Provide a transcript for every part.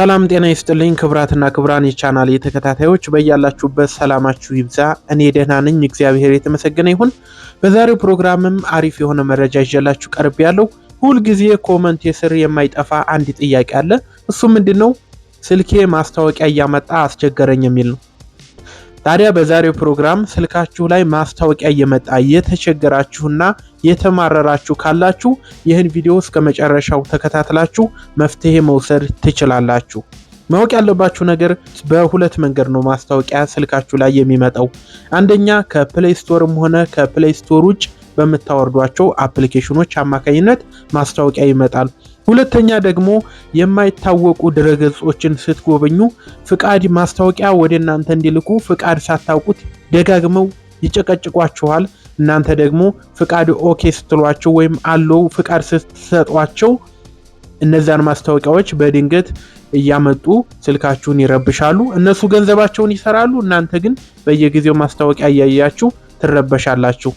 ሰላም ጤና ይስጥልኝ ክብራትና ክብራን የቻናል የተከታታዮች በያላችሁበት ሰላማችሁ ይብዛ። እኔ ደህና ነኝ፣ እግዚአብሔር የተመሰገነ ይሁን። በዛሬው ፕሮግራምም አሪፍ የሆነ መረጃ ይዤላችሁ ቀርብ ያለው ሁልጊዜ ኮመንት የስር የማይጠፋ አንድ ጥያቄ አለ። እሱ ምንድን ነው? ስልኬ ማስታወቂያ እያመጣ አስቸገረኝ የሚል ነው። ታዲያ በዛሬው ፕሮግራም ስልካችሁ ላይ ማስታወቂያ እየመጣ እየተቸገራችሁና የተማረራችሁ ካላችሁ ይህን ቪዲዮ እስከ መጨረሻው ተከታትላችሁ መፍትሄ መውሰድ ትችላላችሁ። ማወቅ ያለባችሁ ነገር በሁለት መንገድ ነው ማስታወቂያ ስልካችሁ ላይ የሚመጣው። አንደኛ ከፕሌይ ስቶርም ሆነ ከፕሌይ ስቶር ውጭ በምታወርዷቸው አፕሊኬሽኖች አማካኝነት ማስታወቂያ ይመጣል። ሁለተኛ ደግሞ የማይታወቁ ድረገጾችን ስትጎበኙ ፍቃድ ማስታወቂያ ወደ እናንተ እንዲልኩ ፍቃድ ሳታውቁት ደጋግመው ይጨቀጭቋችኋል። እናንተ ደግሞ ፍቃድ ኦኬ ስትሏቸው ወይም አለው ፍቃድ ስትሰጧቸው እነዚያን ማስታወቂያዎች በድንገት እያመጡ ስልካችሁን ይረብሻሉ። እነሱ ገንዘባቸውን ይሰራሉ፣ እናንተ ግን በየጊዜው ማስታወቂያ እያያችሁ ትረበሻላችሁ።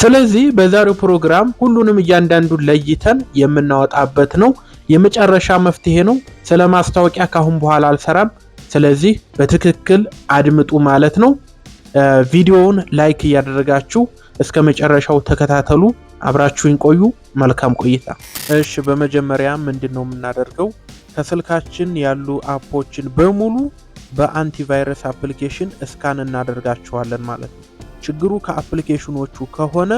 ስለዚህ በዛሬው ፕሮግራም ሁሉንም እያንዳንዱን ለይተን የምናወጣበት ነው። የመጨረሻ መፍትሄ ነው። ስለ ማስታወቂያ ካሁን በኋላ አልሰራም። ስለዚህ በትክክል አድምጡ ማለት ነው። ቪዲዮውን ላይክ እያደረጋችሁ እስከ መጨረሻው ተከታተሉ። አብራችሁኝ ቆዩ። መልካም ቆይታ። እሺ፣ በመጀመሪያ ምንድን ነው የምናደርገው? ከስልካችን ያሉ አፖችን በሙሉ በአንቲቫይረስ አፕሊኬሽን እስካን እናደርጋቸዋለን ማለት ነው። ችግሩ ከአፕሊኬሽኖቹ ከሆነ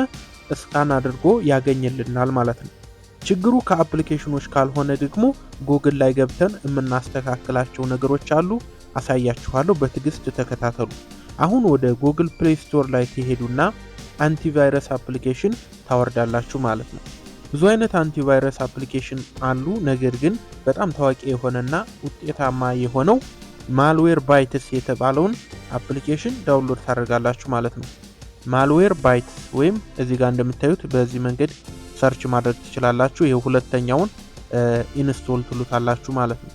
እስካን አድርጎ ያገኝልናል ማለት ነው። ችግሩ ከአፕሊኬሽኖች ካልሆነ ደግሞ ጎግል ላይ ገብተን የምናስተካክላቸው ነገሮች አሉ፣ አሳያችኋለሁ። በትዕግስት ተከታተሉ። አሁን ወደ ጉግል ፕሌይ ስቶር ላይ ትሄዱና አንቲቫይረስ አፕሊኬሽን ታወርዳላችሁ ማለት ነው። ብዙ አይነት አንቲቫይረስ አፕሊኬሽን አሉ። ነገር ግን በጣም ታዋቂ የሆነና ውጤታማ የሆነው ማልዌር ባይትስ የተባለውን አፕሊኬሽን ዳውንሎድ ታደርጋላችሁ ማለት ነው። ማልዌር ባይትስ ወይም እዚህ ጋር እንደምታዩት በዚህ መንገድ ሰርች ማድረግ ትችላላችሁ። ይህ ሁለተኛውን ኢንስቶል ትሉታላችሁ ማለት ነው።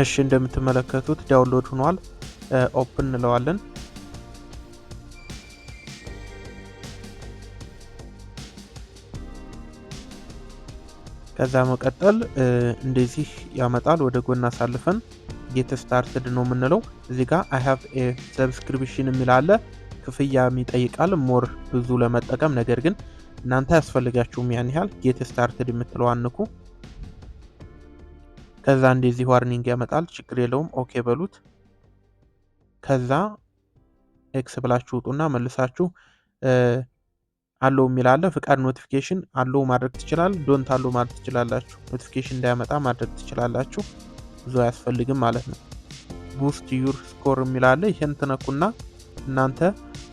እሺ እንደምትመለከቱት ዳውንሎድ ሆኗል። ኦፕን እንለዋለን። ከዛ መቀጠል እንደዚህ ያመጣል። ወደ ጎን አሳልፈን ጌት ስታርትድ ነው የምንለው። እዚህ ጋር አይ ሃቭ ኤ ሰብስክሪፕሽን የሚል አለ። ክፍያ ይጠይቃል ሞር ብዙ ለመጠቀም ነገር ግን እናንተ ያስፈልጋችሁም ያን ያህል ጌት ስታርትድ የምትለው አንኩ ከዛ እንደዚህ ዋርኒንግ ያመጣል። ችግር የለውም ኦኬ በሉት። ከዛ ኤክስ ብላችሁ ውጡና መልሳችሁ አለው የሚላለ ፍቃድ ኖቲፊኬሽን አለው ማድረግ ትችላል። ዶንት አለው ማድረግ ትችላላችሁ። ኖቲፊኬሽን እንዳያመጣ ማድረግ ትችላላችሁ። ብዙ አያስፈልግም ማለት ነው። ቡስት ዩር ስኮር የሚላለ ይህን ትነኩና እናንተ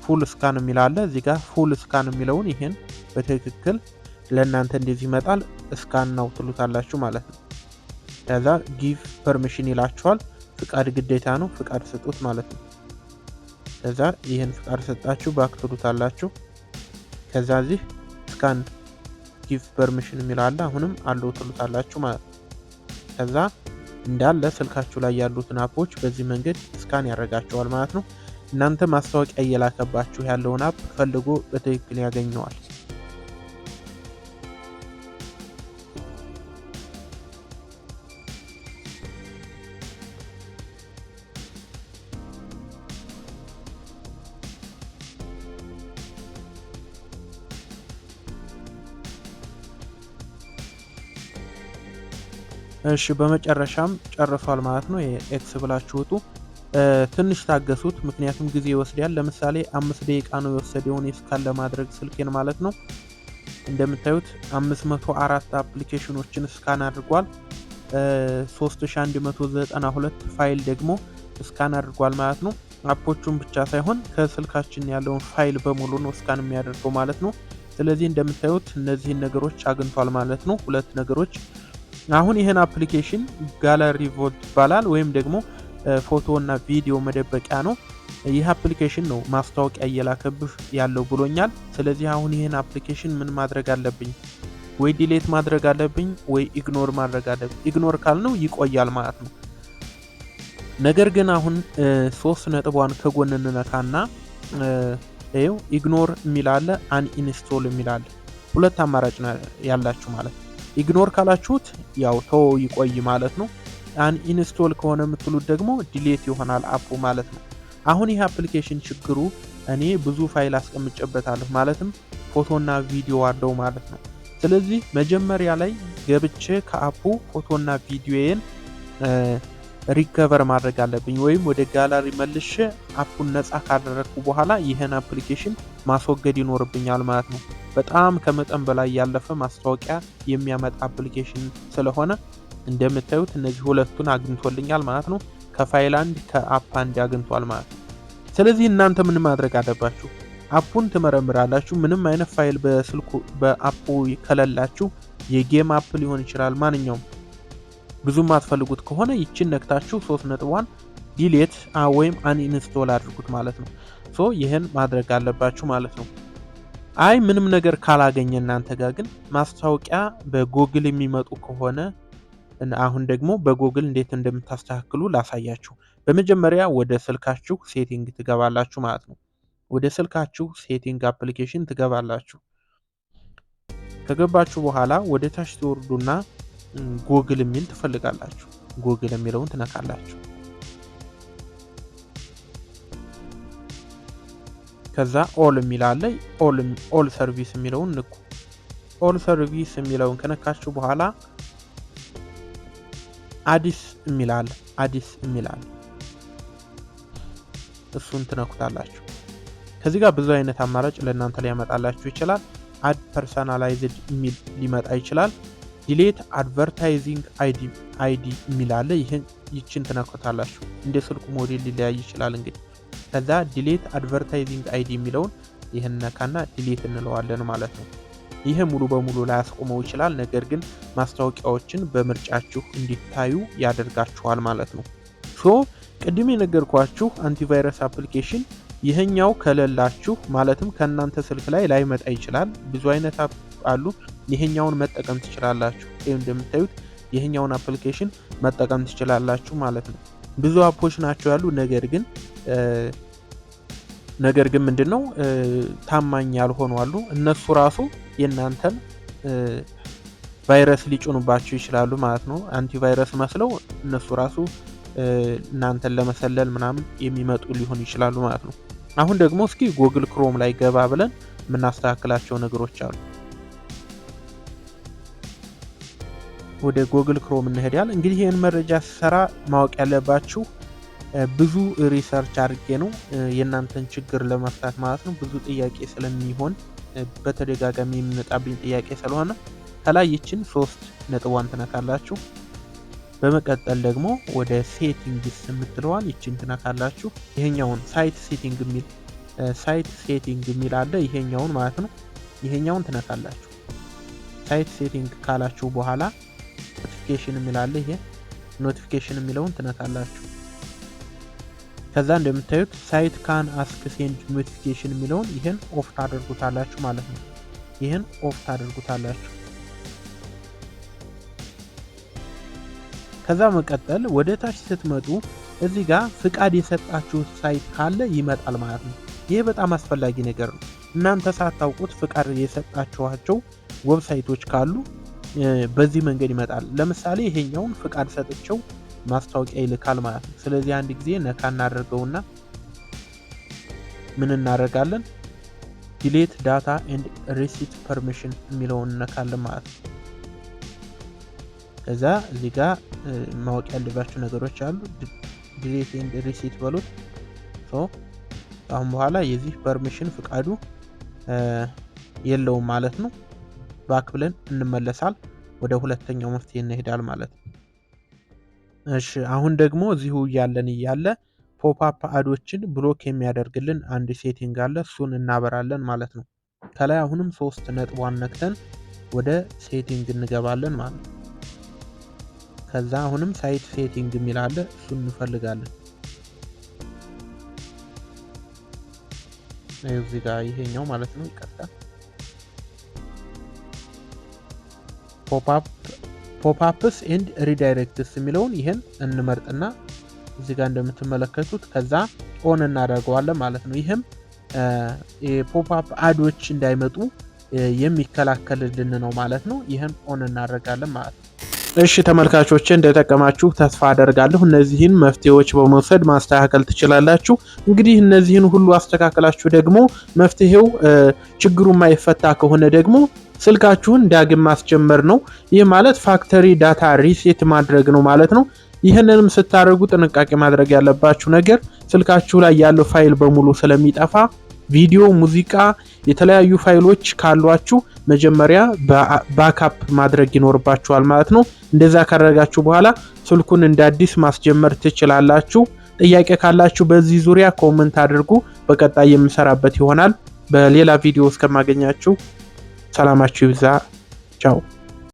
ፉል ስካን የሚላለ እዚህ ጋር ፉል ስካን የሚለውን ይህን በትክክል ለእናንተ እንደዚህ ይመጣል። ስካን ነው ትሉታላችሁ ማለት ነው። ከዛ ጊቭ ፐርሚሽን ይላችኋል። ፍቃድ ግዴታ ነው። ፍቃድ ስጡት ማለት ነው። ከዛ ይህን ፍቃድ ሰጣችሁ ባክ ትሉታላችሁ። ከዛ ዚህ ስካን ጊቭ ፐርሚሽን የሚላለ አሁንም አለው ትሉታላችሁ ማለት ነው። ከዛ እንዳለ ስልካችሁ ላይ ያሉትን አፖች በዚህ መንገድ ስካን ያደርጋቸዋል ማለት ነው። እናንተ ማስታወቂያ እየላከባችሁ ያለውን አፕ ፈልጎ በትክክል ያገኘዋል። እሺ በመጨረሻም ጨርሷል ማለት ነው። ኤክስ ብላችሁ ውጡ። ትንሽ ታገሱት፣ ምክንያቱም ጊዜ ይወስዳል። ለምሳሌ አምስት ደቂቃ ነው የወሰደውን ስካን ለማድረግ ስልኬን ማለት ነው። እንደምታዩት 504 አፕሊኬሽኖችን እስካን አድርጓል። 3192 ፋይል ደግሞ እስካን አድርጓል ማለት ነው። አፖቹን ብቻ ሳይሆን ከስልካችን ያለውን ፋይል በሙሉ ነው እስካን የሚያደርገው ማለት ነው። ስለዚህ እንደምታዩት እነዚህን ነገሮች አግኝቷል ማለት ነው። ሁለት ነገሮች አሁን ይህን አፕሊኬሽን ጋለሪ ቮልት ይባላል ወይም ደግሞ ፎቶ እና ቪዲዮ መደበቂያ ነው። ይህ አፕሊኬሽን ነው ማስታወቂያ እየላከብህ ያለው ብሎኛል። ስለዚህ አሁን ይህን አፕሊኬሽን ምን ማድረግ አለብኝ? ወይ ዲሌት ማድረግ አለብኝ ወይ ኢግኖር ማድረግ አለብኝ። ኢግኖር ካልነው ይቆያል ማለት ነው። ነገር ግን አሁን ሶስት ነጥቧን ከጎን እንነካና ይኸው ኢግኖር የሚላለ አንኢንስቶል የሚላለ ሁለት አማራጭ ያላችሁ ማለት ነው። ኢግኖር ካላችሁት ያው ተው ይቆይ ማለት ነው። አን ኢንስቶል ከሆነ የምትሉት ደግሞ ዲሌት ይሆናል አፑ ማለት ነው። አሁን ይህ አፕሊኬሽን ችግሩ እኔ ብዙ ፋይል አስቀምጨበታለሁ ማለትም ፎቶና ቪዲዮ አለው ማለት ነው። ስለዚህ መጀመሪያ ላይ ገብቼ ከአፑ ፎቶና ቪዲዮዬን ሪከቨር ማድረግ አለብኝ ወይም ወደ ጋላሪ መልሼ አፑን ነጻ ካደረግኩ በኋላ ይህን አፕሊኬሽን ማስወገድ ይኖርብኛል ማለት ነው። በጣም ከመጠን በላይ ያለፈ ማስታወቂያ የሚያመጣ አፕሊኬሽን ስለሆነ እንደምታዩት እነዚህ ሁለቱን አግኝቶልኛል ማለት ነው። ከፋይል አንድ ከአፕ አንድ አግኝቷል ማለት ነው። ስለዚህ እናንተ ምን ማድረግ አለባችሁ? አፑን ትመረምራላችሁ። ምንም አይነት ፋይል በስልኩ በአፑ ከለላችሁ የጌም አፕ ሊሆን ይችላል ማንኛውም ብዙ ማትፈልጉት ከሆነ ይችን ነክታችሁ ሶስት ነጥቧን ዲሌት ወይም አንኢንስቶል አድርጉት ማለት ነው። ሶ ይህን ማድረግ አለባችሁ ማለት ነው። አይ ምንም ነገር ካላገኘ እናንተ ጋር ግን ማስታወቂያ በጎግል የሚመጡ ከሆነ አሁን ደግሞ በጎግል እንዴት እንደምታስተካክሉ ላሳያችሁ። በመጀመሪያ ወደ ስልካችሁ ሴቲንግ ትገባላችሁ ማለት ነው። ወደ ስልካችሁ ሴቲንግ አፕሊኬሽን ትገባላችሁ። ከገባችሁ በኋላ ወደ ታች ትወርዱና ጎግል የሚል ትፈልጋላችሁ። ጎግል የሚለውን ትነካላችሁ። ከዛ ኦል የሚል አለ። ኦል ሰርቪስ የሚለውን ንኩ። ኦል ሰርቪስ የሚለውን ከነካችሁ በኋላ አዲስ የሚል አለ። አዲስ የሚል አለ። እሱን ትነኩታላችሁ። ከዚህ ጋር ብዙ አይነት አማራጭ ለእናንተ ሊያመጣላችሁ ይችላል። አድ ፐርሰናላይዝድ የሚል ሊመጣ ይችላል። ዲሌት አድቨርታይዚንግ አይዲ የሚል ይህን ይችን ትነኩታላችሁ። እንደ ስልኩ ሞዴል ሊለያይ ይችላል። እንግዲህ ከዛ ዲሌት አድቨርታይዚንግ አይዲ የሚለውን ይህን ነካና ዲሌት እንለዋለን ማለት ነው። ይህ ሙሉ በሙሉ ላያስቆመው ይችላል፣ ነገር ግን ማስታወቂያዎችን በምርጫችሁ እንዲታዩ ያደርጋችኋል ማለት ነው። ሶ ቅድም የነገርኳችሁ አንቲቫይረስ አፕሊኬሽን ይህኛው ከሌላችሁ ማለትም ከእናንተ ስልክ ላይ ላይመጣ ይችላል። ብዙ አይነት አሉ። ይሄኛውን መጠቀም ትችላላችሁ። ይህ እንደምታዩት ይሄኛውን አፕሊኬሽን መጠቀም ትችላላችሁ ማለት ነው። ብዙ አፖች ናቸው ያሉ ነገር ግን ነገር ግን ምንድን ነው ታማኝ ያልሆኑ አሉ። እነሱ ራሱ የእናንተን ቫይረስ ሊጭኑባቸው ይችላሉ ማለት ነው። አንቲቫይረስ መስለው እነሱ ራሱ እናንተን ለመሰለል ምናምን የሚመጡ ሊሆን ይችላሉ ማለት ነው። አሁን ደግሞ እስኪ ጎግል ክሮም ላይ ገባ ብለን የምናስተካክላቸው ነገሮች አሉ። ወደ ጎግል ክሮም እንሄዳል። እንግዲህ ይህን መረጃ ስሰራ ማወቅ ያለባችሁ ብዙ ሪሰርች አድርጌ ነው የእናንተን ችግር ለመፍታት ማለት ነው። ብዙ ጥያቄ ስለሚሆን በተደጋጋሚ የሚመጣብኝ ጥያቄ ስለሆነ ከላይ ይችን ሶስት ነጥቧን ትነካላችሁ። በመቀጠል ደግሞ ወደ ሴቲንግስ የምትለዋን ይችን ትነካላችሁ። ይሄኛውን ሳይት ሴቲንግ የሚል ሳይት ሴቲንግ የሚል አለ። ይሄኛውን ማለት ነው። ይሄኛውን ትነካላችሁ። ሳይት ሴቲንግ ካላችሁ በኋላ ኖቲፊኬሽን የሚላለ ይሄ ኖቲፊኬሽን የሚለውን ትነካላችሁ። ከዛ እንደምታዩት ሳይት ካን አስክ ሴንድ ኖቲፊኬሽን የሚለውን ይህን ኦፍ ታደርጉታላችሁ ማለት ነው። ይህን ኦፍ ታደርጉታላችሁ። ከዛ መቀጠል ወደ ታች ስትመጡ እዚህ ጋር ፍቃድ የሰጣችሁ ሳይት ካለ ይመጣል ማለት ነው። ይህ በጣም አስፈላጊ ነገር ነው። እናንተ ሳታውቁት ፍቃድ የሰጣችኋቸው ዌብሳይቶች ካሉ በዚህ መንገድ ይመጣል። ለምሳሌ ይሄኛውን ፍቃድ ሰጥቸው ማስታወቂያ ይልካል ማለት ነው። ስለዚህ አንድ ጊዜ ነካ እናደርገውና ምን እናደርጋለን? ዲሌት ዳታ ኤንድ ሪሲት ፐርሚሽን የሚለውን እነካለን ማለት ነው። ከዛ እዚህ ጋ ማወቅ ያለባቸው ነገሮች አሉ። ዲሌት ኤንድ ሪሲት በሉት። አሁን በኋላ የዚህ ፐርሚሽን ፍቃዱ የለውም ማለት ነው። ባክ ብለን እንመለሳል። ወደ ሁለተኛው መፍትሄ እንሄዳል ማለት ነው። እሺ አሁን ደግሞ እዚሁ እያለን እያለ ፖፕአፕ አዶችን ብሎክ የሚያደርግልን አንድ ሴቲንግ አለ። እሱን እናበራለን ማለት ነው። ከላይ አሁንም ሶስት ነጥቧን ነክተን ወደ ሴቲንግ እንገባለን ማለት ነው። ከዛ አሁንም ሳይት ሴቲንግ የሚል አለ። እሱን እንፈልጋለን። እዚህ ጋር ይሄኛው ማለት ነው። ይቀጥላል ፖፕአፕስ ኤንድ ሪዳይሬክትስ የሚለውን ይህን እንመርጥና እዚህ ጋር እንደምትመለከቱት ከዛ ኦን እናደርገዋለን ማለት ነው። ይህም የፖፕአፕ አዶች እንዳይመጡ የሚከላከልልን ነው ማለት ነው። ይህን ኦን እናደርጋለን ማለት ነው። እሺ ተመልካቾች እንደጠቀማችሁ ተስፋ አደርጋለሁ። እነዚህን መፍትሄዎች በመውሰድ ማስተካከል ትችላላችሁ። እንግዲህ እነዚህን ሁሉ አስተካከላችሁ ደግሞ መፍትሄው ችግሩ የማይፈታ ከሆነ ደግሞ ስልካችሁን ዳግም ማስጀመር ነው። ይህ ማለት ፋክተሪ ዳታ ሪሴት ማድረግ ነው ማለት ነው። ይህንንም ስታደርጉ ጥንቃቄ ማድረግ ያለባችሁ ነገር ስልካችሁ ላይ ያለው ፋይል በሙሉ ስለሚጠፋ ቪዲዮ፣ ሙዚቃ፣ የተለያዩ ፋይሎች ካሏችሁ መጀመሪያ ባካፕ ማድረግ ይኖርባችኋል ማለት ነው። እንደዛ ካደረጋችሁ በኋላ ስልኩን እንደ አዲስ ማስጀመር ትችላላችሁ። ጥያቄ ካላችሁ በዚህ ዙሪያ ኮመንት አድርጉ። በቀጣይ የምሰራበት ይሆናል። በሌላ ቪዲዮ እስከማገኛችሁ Salamativizar. Tchau.